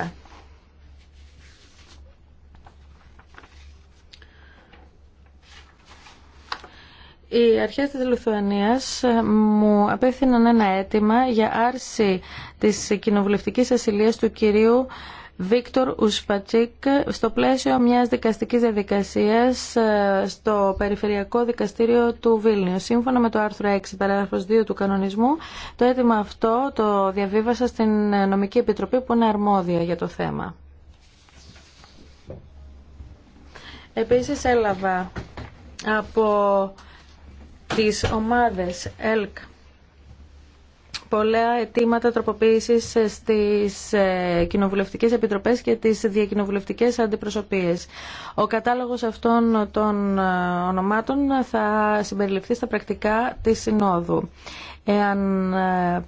Η Οι αρχές της Λουθουανίας ε, μου απέφθηναν ένα αίτημα για άρση της κοινοβουλευτικής ασυλίας του κυρίου Βίκτορ Ουσπατσίκ στο πλαίσιο μιας δικαστικής διαδικασίας ε, στο Περιφερειακό Δικαστήριο του Βίλνιου. Σύμφωνα με το άρθρο 6, Παράγραφό 2 του κανονισμού, το αίτημα αυτό το διαβίβασα στην Νομική Επιτροπή που είναι αρμόδια για το θέμα. Επίσης έλαβα από τις ομάδες ΕΛΚ πολλά αιτήματα τροποποίηση στι ε, κοινοβουλευτικέ επιτροπέ και τι διακοινοβουλευτικέ αντιπροσωπείε. Ο κατάλογο αυτών των ε, ονομάτων θα συμπεριληφθεί στα πρακτικά της Συνόδου. Εάν ε,